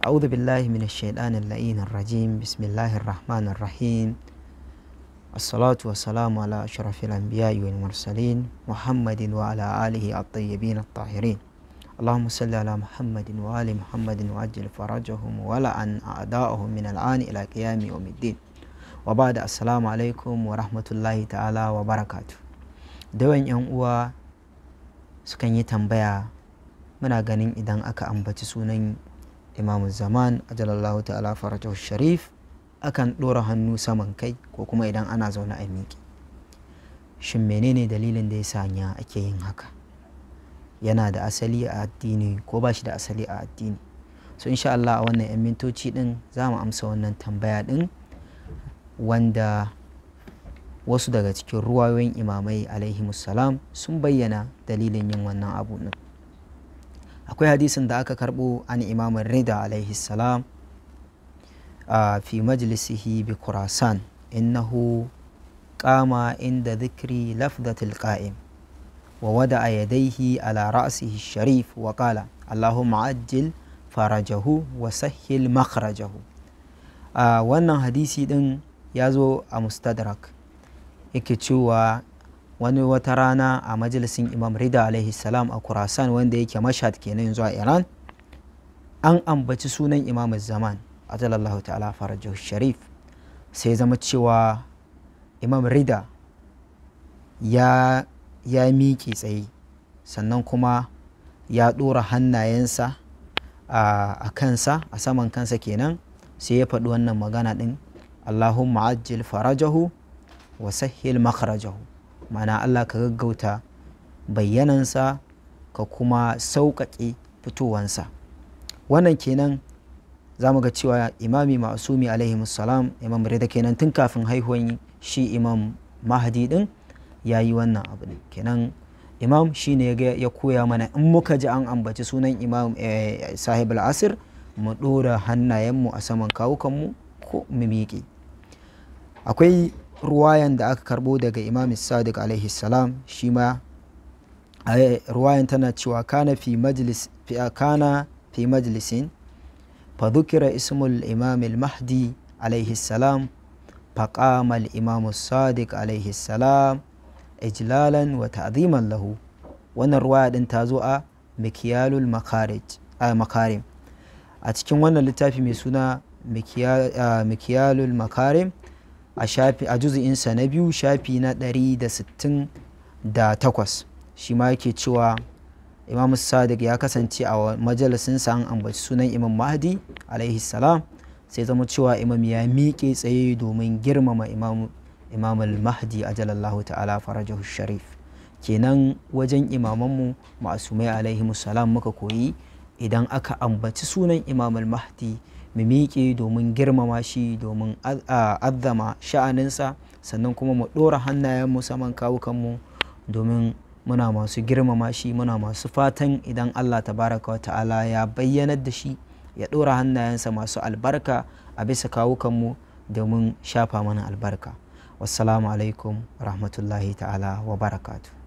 أعوذ بالله من الشيطان اللئين الرجيم بسم الله الرحمن الرحيم الصلاة والسلام على أشرف الأنبياء والمرسلين محمد وعلى آله الطيبين الطاهرين اللهم صل على محمد وآل محمد وعجل فرجهم أن أعداؤهم من الآن إلى قيام يوم الدين وبعد السلام عليكم ورحمة الله تعالى وبركاته دوين يوم و sukan yi tambaya muna ganin idan aka ambaci sunan imamu zaman ajalallahu ta'ala farajahu sharif akan ɗora hannu saman kai ko kuma idan ana zaune a miƙe shin menene dalilin da ya sanya ake yin haka yana da asali a addini ko ba shi da asali a addini so insha Allah a wannan 'yan mintoci ɗin za mu amsa wannan tambaya ɗin wanda wasu daga cikin ruwayoyin imamai alaihimussalam sun bayyana dalilin yin wannan abu ɗin akwai hadisin da aka karbo an imamun rida alaihi salam fi majlisihi bi kurasan innahu kama inda zikri lafzatil qa'im wa wada a yadaihi ala ra'asihi sharif wa qala allahumma ajil farajahu wa sahil makhrajahu wannan hadisi din ya zo a mustadrak yake cewa wani wata rana a majalisin imam rida alaihi salam a kurasan wanda yake mashad kenan zuwa iran an ambaci sunan imam zaman ajalallahu ta'ala farajahu sharif sai zama cewa imam rida ya ya miƙe tsaye sannan kuma ya ɗora hannayensa a kansa a saman kansa kenan sai ya faɗi wannan magana ɗin allahumma ajil farajahu wa sahil makharajahu mana Allah ka gaggauta bayyanansa ka kuma sauƙaƙe fitowansa wannan kenan za mu ga cewa imami ma'asumi alaihi salam imam rida kenan tun kafin haihuwan shi imam mahadi din ya yi wannan abu ne kenan imam shi ne ya koya mana in muka ji an ambaci sunan imam eh, sahib al'asir mu ɗora hannayenmu a saman kawukanmu ko mu miƙe akwai ruwayan da aka karbo daga imam sadiq alaihi salam shi ma ruwayan tana cewa kana fi majlis fi kana fi majlisin fa dhukira ismul imam al-mahdi alaihi salam fa qama al-imam sadiq alaihi salam ijlalan wa ta'ziman lahu wannan ruwaya din ta zo a mikiyalul makarim a cikin wannan littafi mai suna mikiyalul makarim a shafi juzu'insa na biyu shafi na 168 shi ma yake cewa imam sadiq ya kasance a majalisinsa an ambaci sunan imam mahdi alaihi salam sai zama cewa imam ya miƙe tsaye domin girmama imam al-mahdi ajalallahu ta'ala farajahu sharif kenan wajen imamanmu ma'asumai alaihi salam muka koyi idan aka ambaci sunan imam al-mahdi mu miƙe domin girmama shi domin azzama sha'aninsa sannan kuma mu ɗora hannayen musamman kawukanmu domin muna masu girmama shi muna masu fatan idan allah tabaraka wa ta'ala ya bayyanar da shi ya ɗora hannayensa masu albarka a bisa kawukanmu domin shafa mana albarka wassalamu alaikum rahmatullahi ta'ala wa barakatu